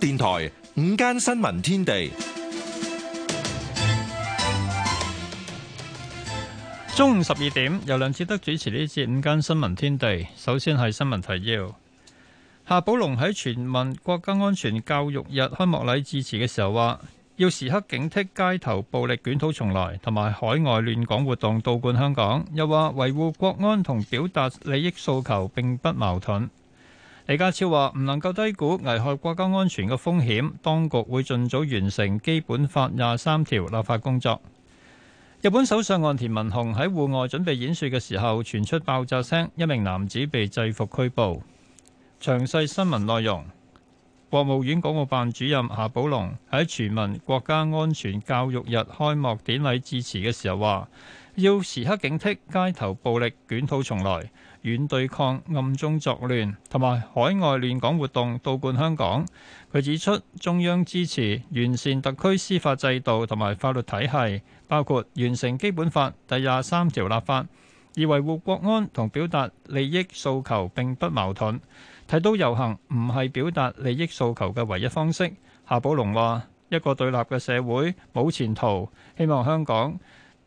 電台午間新聞天地，中午十二點由梁智德主持呢一節午間新聞天地。首先係新聞提要：夏寶龍喺全民國家安全教育日開幕禮致辭嘅時候話，要時刻警惕街頭暴力捲土重來，同埋海外亂港活動倒灌香港。又話維護國安同表達利益訴求並不矛盾。李家超話：唔能夠低估危害國家安全嘅風險，當局會盡早完成《基本法》廿三條立法工作。日本首相岸田文雄喺戶外準備演説嘅時候，傳出爆炸聲，一名男子被制服拘捕。詳細新聞內容，國務院港澳辦主任夏寶龍喺全民國家安全教育日開幕典禮致辭嘅時候話：要時刻警惕街頭暴力捲土重來。軟對抗、暗中作亂同埋海外亂港活動，倒灌香港。佢指出，中央支持完善特區司法制度同埋法律體系，包括完成基本法第廿三條立法，而維護國安同表達利益訴求並不矛盾。睇到遊行唔係表達利益訴求嘅唯一方式。夏寶龍話：一個對立嘅社會冇前途，希望香港，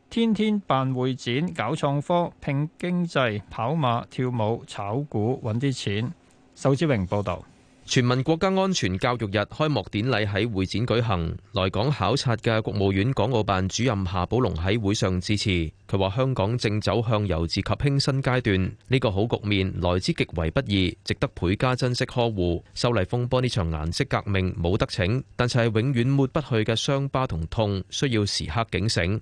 天天辦會展、搞創科、拼經濟、跑馬跳舞、炒股揾啲錢。仇志榮報道，全民國家安全教育日開幕典禮喺會展舉行。來港考察嘅國務院港澳辦主任夏寶龍喺會上致辭，佢話香港正走向由治及興新階段，呢個好局面來之極為不易，值得倍加珍惜呵護。修例風波呢場顏色革命冇得逞，但係永遠抹不去嘅傷疤同痛，需要時刻警醒。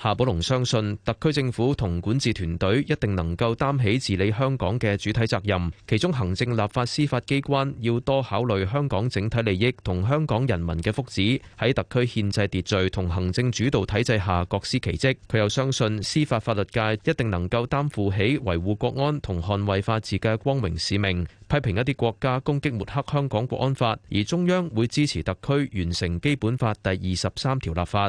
夏寶龍相信特區政府同管治團隊一定能夠擔起治理香港嘅主體責任，其中行政、立法、司法機關要多考慮香港整體利益同香港人民嘅福祉。喺特區憲制秩序同行政主導體制下各司其職，佢又相信司法法律界一定能夠擔負起維護國安同捍衛法治嘅光榮使命。批評一啲國家攻擊抹黑香港國安法，而中央會支持特區完成基本法第二十三條立法。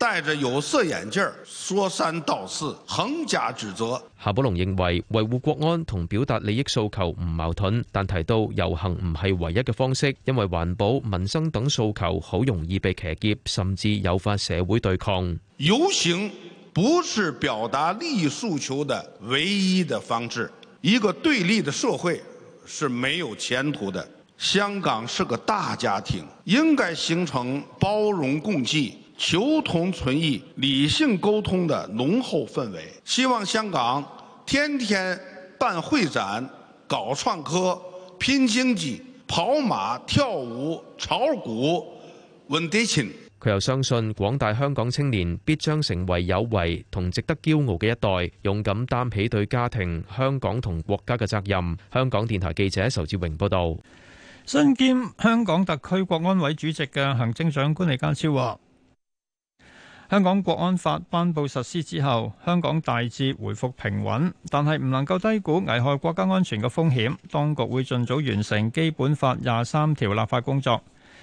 戴着有色眼鏡，說三道四，橫加指責。夏寶龍認為維護國安同表達利益訴求唔矛盾，但提到遊行唔係唯一嘅方式，因為環保、民生等訴求好容易被騎劫，甚至誘發社會對抗。遊行不是表達利益訴求的唯一的方式。一個對立的社會是沒有前途的。香港是個大家庭，應該形成包容共濟。求同存異、理性溝通的濃厚氛圍。希望香港天天辦會展、搞創科、拼經濟、跑馬跳舞、炒股穩地勤。佢又相信，廣大香港青年必將成為有為同值得驕傲嘅一代，勇敢擔起對家庭、香港同國家嘅責任。香港電台記者仇志榮報道。身兼香港特區國安委主席嘅行政長官李家超話。香港國安法頒布實施之後，香港大致回復平穩，但係唔能夠低估危害國家安全嘅風險。當局會盡早完成基本法廿三條立法工作。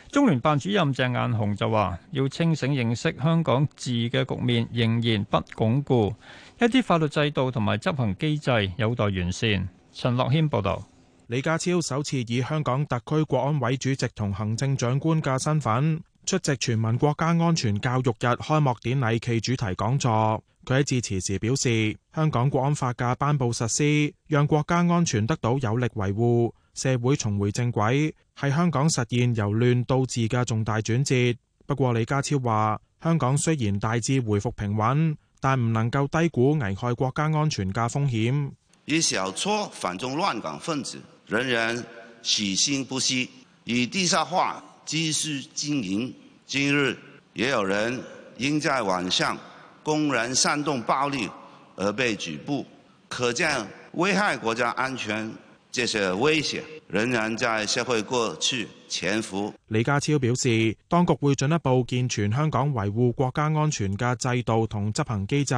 中聯辦主任鄭雁雄就話，要清醒認識香港治嘅局面仍然不鞏固，一啲法律制度同埋執行機制有待完善。陳樂謙報道。李家超首次以香港特區國安委主席同行政長官嘅身份出席全民國家安全教育日開幕典禮暨主題講座，佢喺致辭時表示：香港國安法嘅頒布實施，讓國家安全得到有力維護，社會重回正軌，係香港實現由亂到治嘅重大轉折。不過李家超話，香港雖然大致回復平穩，但唔能夠低估危害國家安全嘅風險。以小撮反中亂港分子仍然死心不息，以地下化。繼續經營，今日也有人因在網上公然煽動暴力而被拘捕，可見危害國家安全這些危險仍然在社會過去潛伏。李家超表示，當局會進一步健全香港維護國家安全嘅制度同執行機制，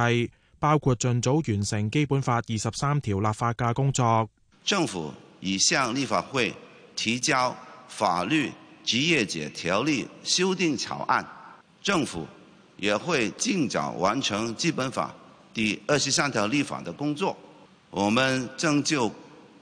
包括盡早完成基本法二十三條立法嘅工作。政府已向立法會提交法律。《企業界條例》修訂草案，政府也會盡早完成《基本法》第二十三條立法的工作。我們正就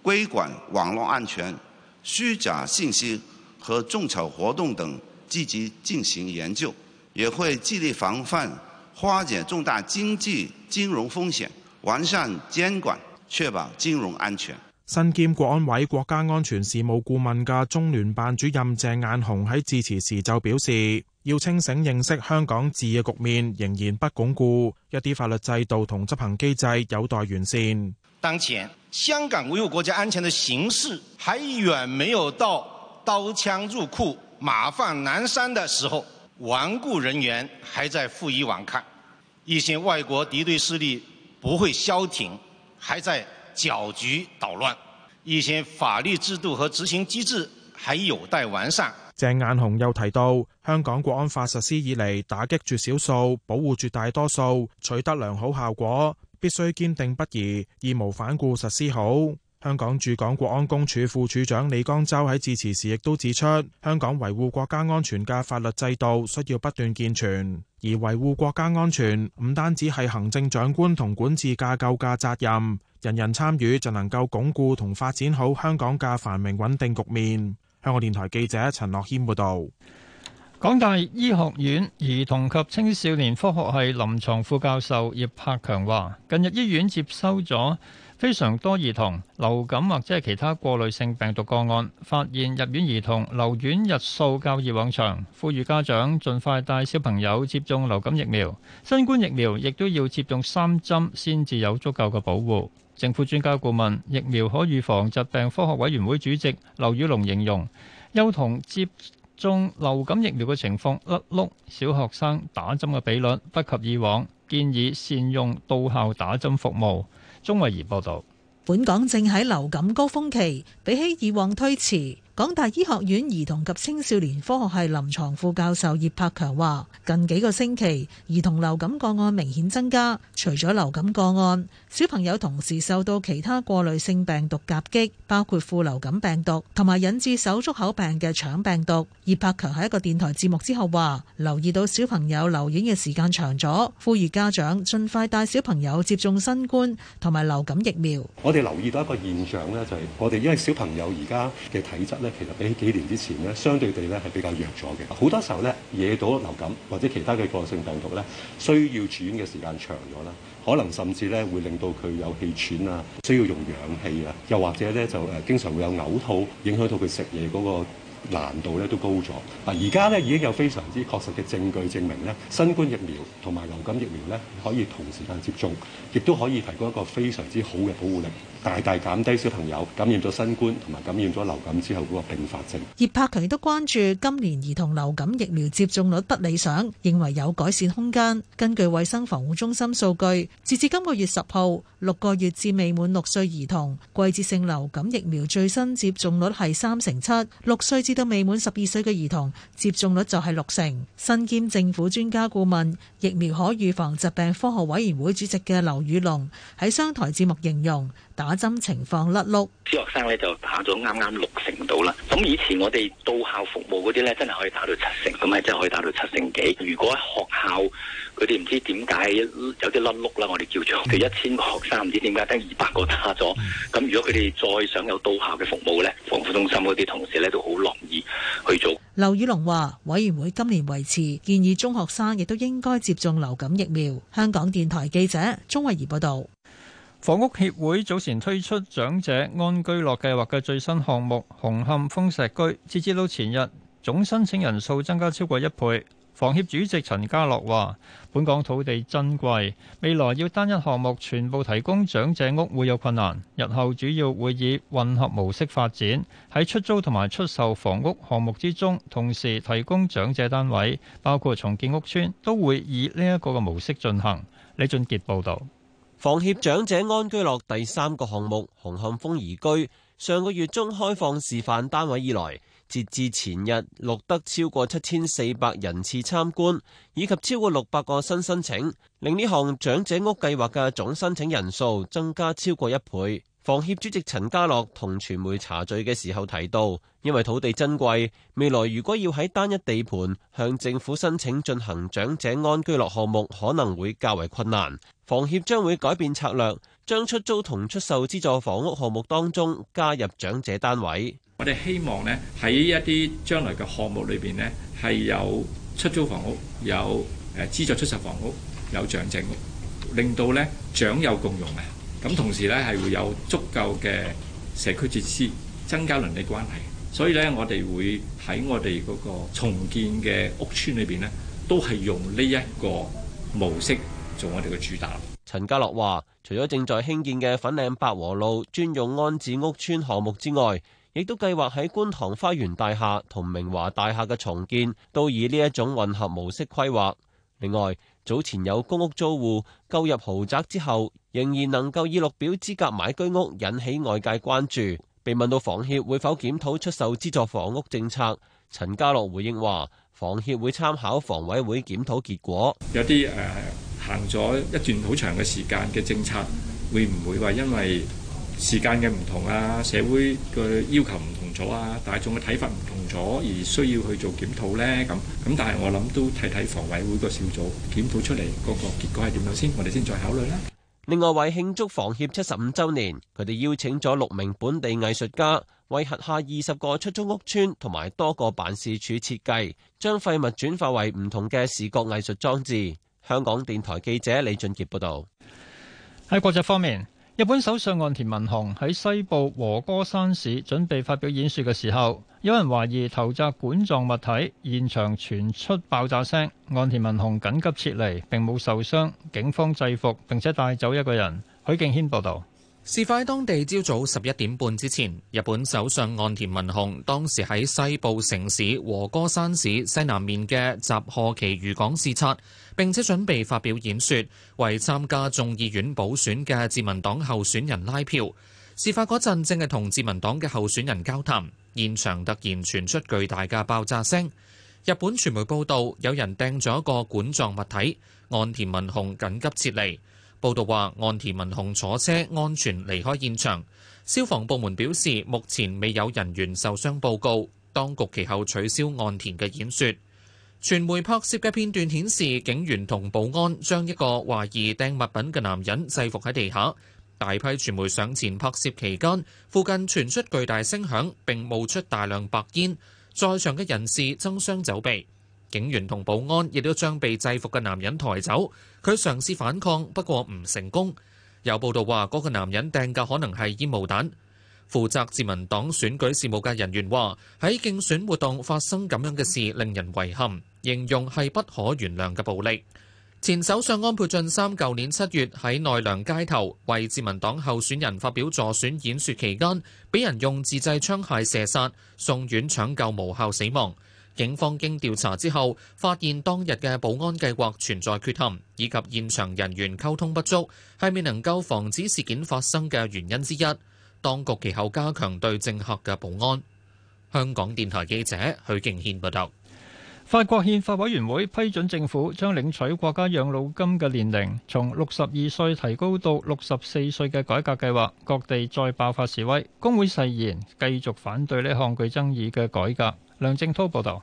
規管網絡安全、虛假信息和眾籌活動等積極進行研究，也會極力防範化解重大經濟金融風險，完善監管，確保金融安全。身兼國安委國家安全事務顧問嘅中聯辦主任鄭雁雄喺致辭時就表示，要清醒認識香港治嘅局面仍然不鞏固，一啲法律制度同執行機制有待完善。當前香港維護國家安全的形勢還遠沒有到刀槍入庫、馬放南山的時候，頑固人員還在負隅頑抗，一些外國敵對勢力不會消停，還在。攪局搗亂，一些法律制度和執行機制還有待完善。鄭雁雄又提到，香港國安法實施以嚟，打擊住少數，保護絕大多數，取得良好效果，必須堅定不移、義無反顧實施好。香港駐港國安公署副署長李江洲喺致辭時亦都指出，香港維護國家安全嘅法律制度需要不斷健全，而維護國家安全唔單止係行政長官同管治架構嘅責任。人人參與就能夠鞏固同發展好香港嘅繁榮穩定局面。香港電台記者陳樂軒報導，港大醫學院兒童及青少年科學系臨床副教授葉柏強話，近日醫院接收咗非常多兒童流感或者係其他過濾性病毒個案，發現入院兒童留院日數較以往長。呼籲家長盡快帶小朋友接種流感疫苗、新冠疫苗，亦都要接種三針先至有足夠嘅保護。政府專家顧問、疫苗可預防疾病科學委員會主席劉宇龍形容，幼童接種流感疫苗嘅情況甩碌，小學生打針嘅比率不及以往，建議善用到校打針服務。鍾慧儀報道：「本港正喺流感高峰期，比起以往推遲。港大醫學院兒童及青少年科學系臨床副教授葉柏強話：近幾個星期兒童流感個案明顯增加，除咗流感個案，小朋友同時受到其他過濾性病毒夾擊，包括副流感病毒同埋引致手足口病嘅腸病毒。葉柏強喺一個電台節目之後話：留意到小朋友留院嘅時間長咗，呼籲家長盡快帶小朋友接種新冠同埋流感疫苗。我哋留意到一個現象咧，就係我哋因為小朋友而家嘅體質其實比起幾年之前咧，相對地咧係比較弱咗嘅。好多時候咧，惹到流感或者其他嘅個性病毒咧，需要住院嘅時間長咗啦，可能甚至咧會令到佢有氣喘啊，需要用氧氣啊，又或者咧就誒經常會有嘔吐，影響到佢食嘢嗰個難度咧都高咗。嗱，而家已經有非常之確實嘅證據證明新冠疫苗同埋流感疫苗可以同時間接種，亦都可以提供一個非常之好嘅保護力，大大減低小朋友感染咗新冠同埋感染咗流感之後嗰個併發症。葉柏強亦都關注今年兒童流感疫苗接種率不理想，認為有改善空間。根據衛生防護中心數據，截至今個月十號，六個月至未滿六歲兒童季節性流感疫苗最新接種率係三成七，六歲至到未滿十二歲嘅兒童，接種率就係六成。身兼政府專家顧問、疫苗可預防疾病科學委員會主席嘅劉宇龍喺商台節目形容。打針情況甩碌，小學生咧就打咗啱啱六成度啦。咁以前我哋到校服務嗰啲咧，真係可以打到七成，咁係真係可以打到七成幾。如果喺學校，佢哋唔知點解有啲甩碌啦，我哋叫做，佢一千個學生唔知點解得二百個打咗。咁如果佢哋再想有到校嘅服務咧，防護中心嗰啲同事咧都好樂意去做。劉宇龍話：委員會今年維持建議中學生亦都應該接種流感疫苗。香港電台記者鍾慧儀報道。房屋協會早前推出長者安居樂計劃嘅最新項目紅磡風石居，截至到前日總申請人數增加超過一倍。房協主席陳家樂話：本港土地珍貴，未來要單一項目全部提供長者屋會有困難。日後主要會以混合模式發展，喺出租同埋出售房屋項目之中，同時提供長者單位，包括重建屋邨，都會以呢一個嘅模式進行。李俊傑報導。房協長者安居樂第三個項目紅磡豐頤居，上個月中開放示範單位以來，截至前日錄得超過七千四百人次參觀，以及超過六百個新申請，令呢項長者屋計劃嘅總申請人數增加超過一倍。房協主席陳家樂同傳媒茶敘嘅時候提到，因為土地珍貴，未來如果要喺單一地盤向政府申請進行長者安居樂項目，可能會較為困難。房協將會改變策略，將出租同出售資助房屋項目當中加入長者單位。我哋希望呢喺一啲將來嘅項目裏面呢係有出租房屋、有誒資助出售房屋、有長者屋，令到呢長幼共用啊！咁同時咧，係會有足夠嘅社區設施，增加鄰里關係。所以咧，我哋會喺我哋嗰個重建嘅屋村裏邊呢，都係用呢一個模式做我哋嘅主打。陳家樂話：除咗正在興建嘅粉嶺百和路專用安置屋邨項目之外，亦都計劃喺觀塘花園大廈同明華大廈嘅重建都以呢一種混合模式規劃。另外早前有公屋租戶購入豪宅之後，仍然能夠以綠表資格買居屋，引起外界關注。被問到房協會否檢討出售資助房屋政策，陳家樂回應話：房協會參考房委會檢討結果，有啲誒、呃、行咗一段好長嘅時間嘅政策，會唔會話因為時間嘅唔同啊，社會嘅要求唔同？咗啊！大眾嘅睇法唔同咗，而需要去做檢討呢。咁咁，但係我諗都睇睇房委會個小組檢討出嚟嗰個結果係點樣先，我哋先再考慮啦。另外，為慶祝房協七十五週年，佢哋邀請咗六名本地藝術家，為轄下二十個出租屋邨同埋多個辦事處設計，將廢物轉化為唔同嘅視覺藝術裝置。香港電台記者李俊傑報導。喺國際方面。日本首相岸田文雄喺西部和歌山市準備發表演說嘅時候，有人懷疑投擲管狀物體，現場傳出爆炸聲，岸田文雄緊急撤離，並冇受傷。警方制服並且帶走一個人。許敬軒報道。事發當地朝早十一點半之前，日本首相岸田文雄當時喺西部城市和歌山市西南面嘅雜賀崎漁港視察，並且準備發表演說，為參加眾議院補選嘅自民黨候選人拉票。事發嗰陣正係同自民黨嘅候選人交談，現場突然傳出巨大嘅爆炸聲。日本傳媒報道，有人掟咗一個管狀物體，岸田文雄緊急撤離。報道話，岸田文雄坐車安全離開現場。消防部門表示，目前未有人員受傷報告。當局其後取消岸田嘅演說。傳媒拍攝嘅片段顯示，警員同保安將一個懷疑掟物品嘅男人制服喺地下。大批傳媒上前拍攝期間，附近傳出巨大聲響並冒出大量白煙，在場嘅人士爭相走避。警員同保安亦都將被制服嘅男人抬走，佢嘗試反抗不過唔成功。有報道話嗰個男人掟嘅可能係煙霧彈。負責自民黨選舉事務嘅人員話：喺競選活動發生咁樣嘅事令人遺憾，形容係不可原諒嘅暴力。前首相安倍晉三舊年七月喺奈良街頭為自民黨候選人發表助選演說期間，俾人用自製槍械射殺，送院搶救無效死亡。警方經調查之後，發現當日嘅保安計劃存在缺陷，以及現場人員溝通不足，係未能夠防止事件發生嘅原因之一。當局其後加強對政客嘅保安。香港電台記者許敬軒報道。法國憲法委員會批准政府將領取國家養老金嘅年齡從六十二歲提高到六十四歲嘅改革計劃。各地再爆發示威，工會誓言繼續反對呢項具爭議嘅改革。梁振濤報道。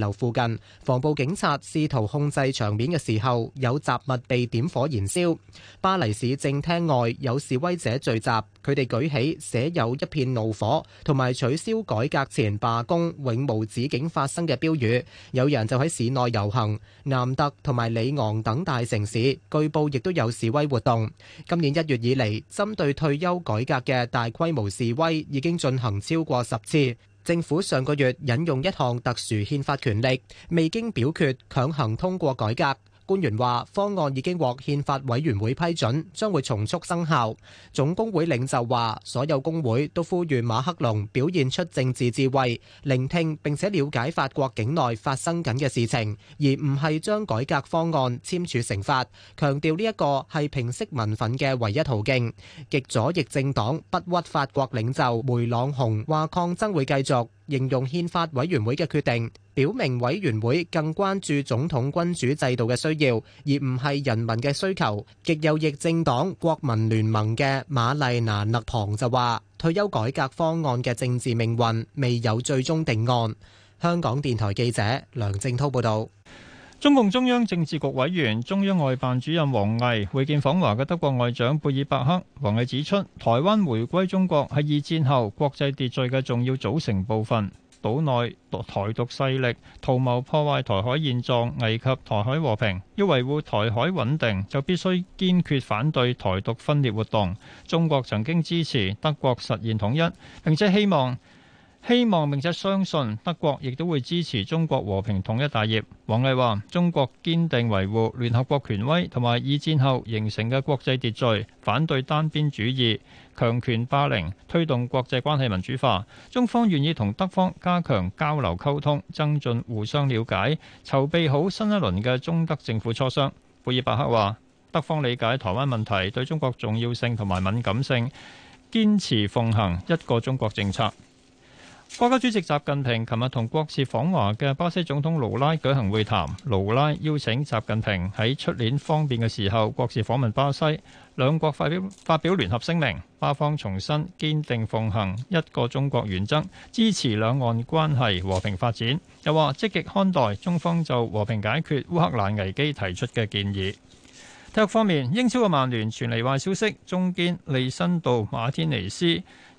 樓附近，防暴警察試圖控制場面嘅時候，有雜物被點火燃燒。巴黎市政廳外有示威者聚集，佢哋舉起寫有一片怒火同埋取消改革前罷工永無止境發生嘅標語。有人就喺市內遊行。南特同埋里昂等大城市據報亦都有示威活動。今年一月以嚟，針對退休改革嘅大規模示威已經進行超過十次。政府上個月引用一項特殊憲法權力，未經表決強行通過改革。官員話方案已經獲憲法委員會批准，將會從速生效。總工會領袖話：所有工會都呼籲馬克龍表現出政治智慧，聆聽並且了解法國境內發生緊嘅事情，而唔係將改革方案簽署成法。強調呢一個係平息民憤嘅唯一途徑。極左翼政黨不屈法國領袖梅朗雄話抗爭會繼續。形容憲法委員會嘅決定，表明委員會更關注總統君主制度嘅需要，而唔係人民嘅需求。極右翼政黨國民聯盟嘅馬麗娜勒龐就話：退休改革方案嘅政治命運未有最終定案。香港電台記者梁正滔報導。中共中央政治局委員、中央外辦主任王毅會見訪華嘅德國外長貝爾伯克。王毅指出，台灣回歸中國係二戰後國際秩序嘅重要組成部分。島內台獨勢力圖謀破壞台海現狀，危及台海和平。要維護台海穩定，就必須堅決反對台獨分裂活動。中國曾經支持德國實現統一，並且希望。希望並且相信德國亦都會支持中國和平統一大業，王毅話中國堅定維護聯合國權威同埋二戰後形成嘅國際秩序，反對單邊主義強權霸凌，推動國際關係民主化。中方願意同德方加強交流溝通，增進互相了解，籌備好新一輪嘅中德政府磋商。貝爾伯克話，德方理解台灣問題對中國重要性同埋敏感性，堅持奉行一個中國政策。國家主席習近平琴日同國事訪華嘅巴西總統盧拉舉行會談。盧拉邀請習近平喺出年方便嘅時候國事訪問巴西，兩國發表發表聯合聲明。巴方重申堅定奉行一個中國原則，支持兩岸關係和平發展，又話積極看待中方就和平解決烏克蘭危機提出嘅建議。體育方面，英超嘅曼聯傳嚟壞消息，中堅利辛度馬天尼斯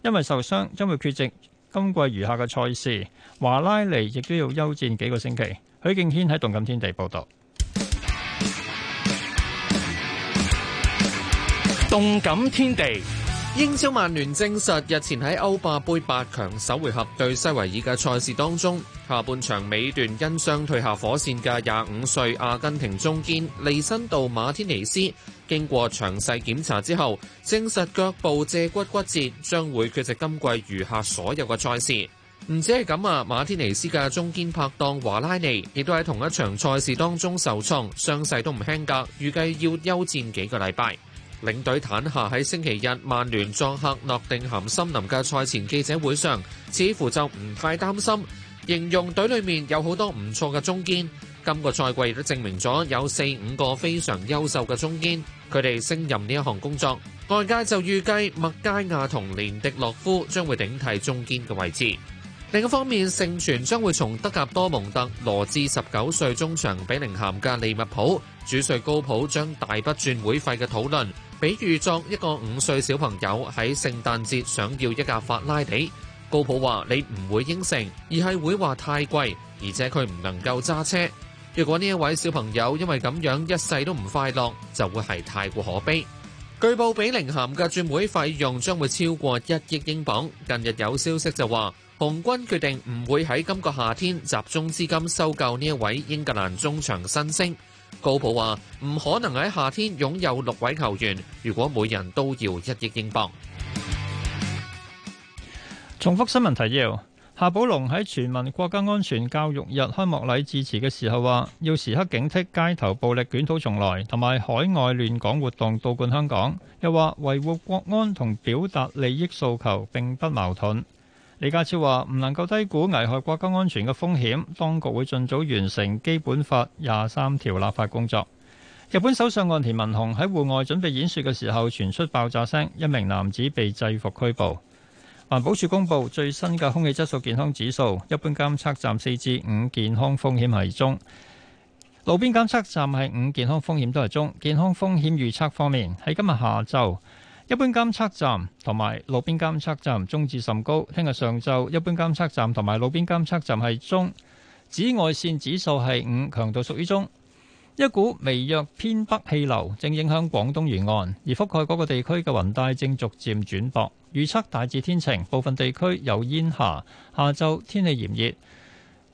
因為受傷將會缺席。今季餘下嘅賽事，華拉尼亦都要休戰幾個星期。許敬軒喺動感天地報道。動感天地，英超曼聯證實日前喺歐霸盃八強首回合對西維爾嘅賽事當中。下半場尾段因傷退下火線嘅廿五歲阿根廷中堅利辛道馬天尼斯，經過詳細檢查之後，證實腳部借骨骨折，將會缺席今季餘下所有嘅賽事。唔止係咁啊，馬天尼斯嘅中堅拍檔華拉尼亦都喺同一場賽事當中受創，傷勢都唔輕㗎，預計要休戰幾個禮拜。領隊坦下喺星期日曼聯作客諾定咸森林嘅賽前記者會上，似乎就唔太擔心。形容隊裏面有好多唔錯嘅中堅，今個賽季亦都證明咗有四五個非常優秀嘅中堅，佢哋升任呢一行工作。外界就預計麥佳亞同連迪洛夫將會頂替中堅嘅位置。另一方面，盛傳將會從德甲多蒙特羅至十九歲中場比寧鹹嘅利物浦主帥高普將大筆轉會費嘅討論，比喻作一個五歲小朋友喺聖誕節想要一架法拉利。高普話：你唔會應承，而係會話太貴，而且佢唔能夠揸車。如果呢一位小朋友因為咁樣一世都唔快樂，就會係太過可悲。據報比寧咸嘅轉會費用將會超過一億英鎊。近日有消息就話，紅軍決定唔會喺今個夏天集中資金收購呢一位英格蘭中場新星。高普話：唔可能喺夏天擁有六位球員，如果每人都要一億英鎊。重複新聞提要。夏寶龍喺全民國家安全教育日開幕禮致辭嘅時候話，要時刻警惕街頭暴力捲土重來，同埋海外亂港活動倒灌香港。又話維護國安同表達利益訴求並不矛盾。李家超話唔能夠低估危害國家安全嘅風險，當局會盡早完成基本法廿三條立法工作。日本首相岸田文雄喺戶外準備演說嘅時候，傳出爆炸聲，一名男子被制服拘捕。環保署公布最新嘅空氣質素健康指數，一般監測站四至五健康風險係中，路邊監測站係五健康風險都係中。健康風險預測方面，喺今日下晝，一般監測站同埋路邊監測站中至甚高。聽日上晝，一般監測站同埋路邊監測站係中，紫外線指數係五，強度屬於中。一股微弱偏北氣流正影響廣東沿岸，而覆蓋嗰個地區嘅雲帶正逐漸轉薄。預測大致天晴，部分地區有煙霞，下晝天氣炎熱。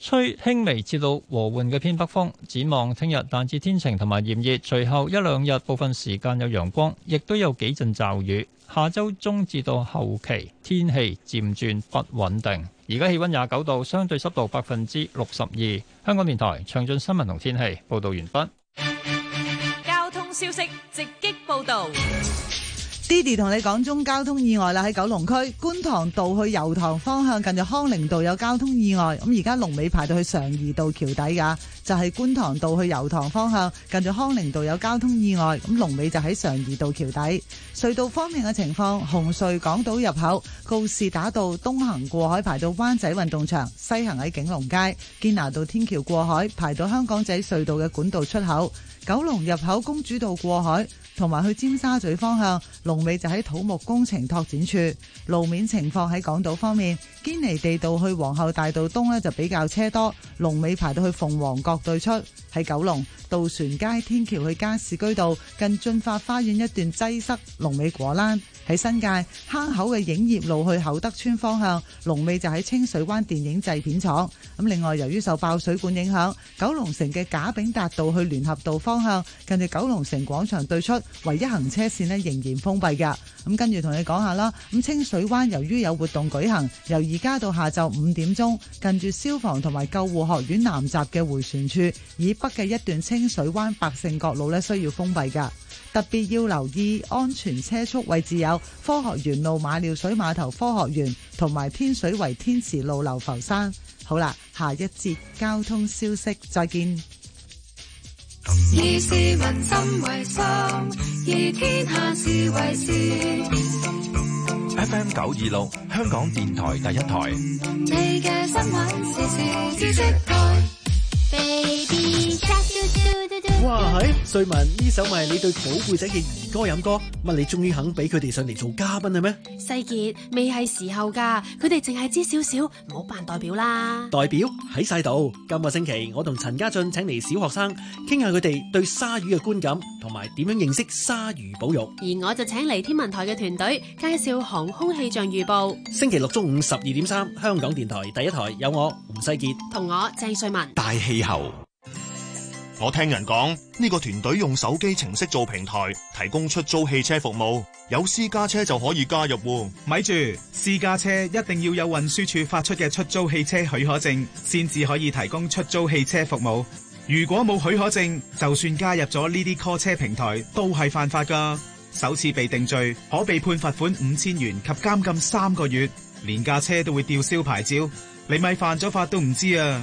吹輕微至到和緩嘅偏北風，展望聽日大致天晴同埋炎熱，隨後一兩日部分時間有陽光，亦都有幾陣驟雨。下周中至到後期天氣漸轉不穩定。而家氣温廿九度，相對濕度百分之六十二。香港電台詳盡新聞同天氣報導完畢。交通消息直擊報導。Daddy 同你講中交通意外啦，喺九龍區觀塘道去油塘方向，近住康寧道有交通意外。咁而家龍尾排到去常怡道橋底噶，就係、是、觀塘道去油塘方向，近住康寧道有交通意外。咁龍尾就喺常怡道橋底。隧道方面嘅情況，紅隧港島入口告士打道東行過海排到灣仔運動場，西行喺景隆街堅拿道天橋過海排到香港仔隧道嘅管道出口，九龍入口公主道過海，同埋去尖沙咀方向，龍尾就喺土木工程拓展處。路面情況喺港島方面，堅尼地道去皇后大道東呢就比較車多，龍尾排到去鳳凰閣對出，喺九龍渡船街天橋去加士居道近駿發花園一段擠塞龍，龍尾果欄。喺新界坑口嘅影業路去厚德村方向，龍尾就喺清水灣電影製片廠。咁另外，由於受爆水管影響，九龍城嘅賈炳達道去聯合道方向，近住九龍城廣場對出唯一行車線咧仍然封閉噶。咁跟住同你講下啦，咁清水灣由於有活動舉行，由而家到下晝五點鐘，近住消防同埋救護學院南閘嘅回旋處，以北嘅一段清水灣百勝角路咧需要封閉噶。特別要留意安全車速位置有科學園路馬料水碼頭、科學園同埋天水圍天池路流浮山。好啦，下一節交通消息，再見。以市民心為心，以天下事為事。F M 九二六，香港電台第一台。你嘅新聞時事資訊台。哇係，瑞文，呢首咪你對寶貝仔嘅兒歌飲歌，乜你終於肯俾佢哋上嚟做嘉賓喇咩？世杰未係時候噶，佢哋淨係知少少，唔好扮代表啦。代表喺晒度，今個星期我同陳家俊請嚟小學生傾下佢哋對鯊魚嘅觀感，同埋點樣認識鯊魚保育。而我就請嚟天文台嘅團隊介紹航空氣象預報。星期六中午十二點三，香港電台第一台有我吳世杰同我鄭瑞文大戲。以後，我聽人講呢個團隊用手機程式做平台，提供出租汽車服務。有私家車就可以加入？咪住，私家車一定要有運輸署發出嘅出租汽車許可證，先至可以提供出租汽車服務。如果冇許可證，就算加入咗呢啲 call 車平台，都係犯法噶。首次被定罪，可被判罰款五千元及監禁三個月，連架車都會吊銷牌照。你咪犯咗法都唔知啊！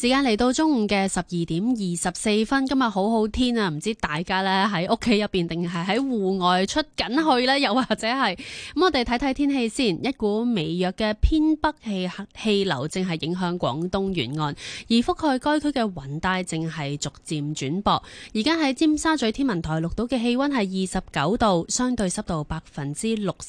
時間嚟到中午嘅十二點二十四分，今日好好天啊！唔知大家呢喺屋企入邊定係喺戶外出緊去呢？又或者係咁，我哋睇睇天氣先。一股微弱嘅偏北氣氣流正係影響廣東沿岸，而覆蓋該區嘅雲帶正係逐漸轉薄。而家喺尖沙咀天文台錄到嘅氣溫係二十九度，相對濕度百分之六十。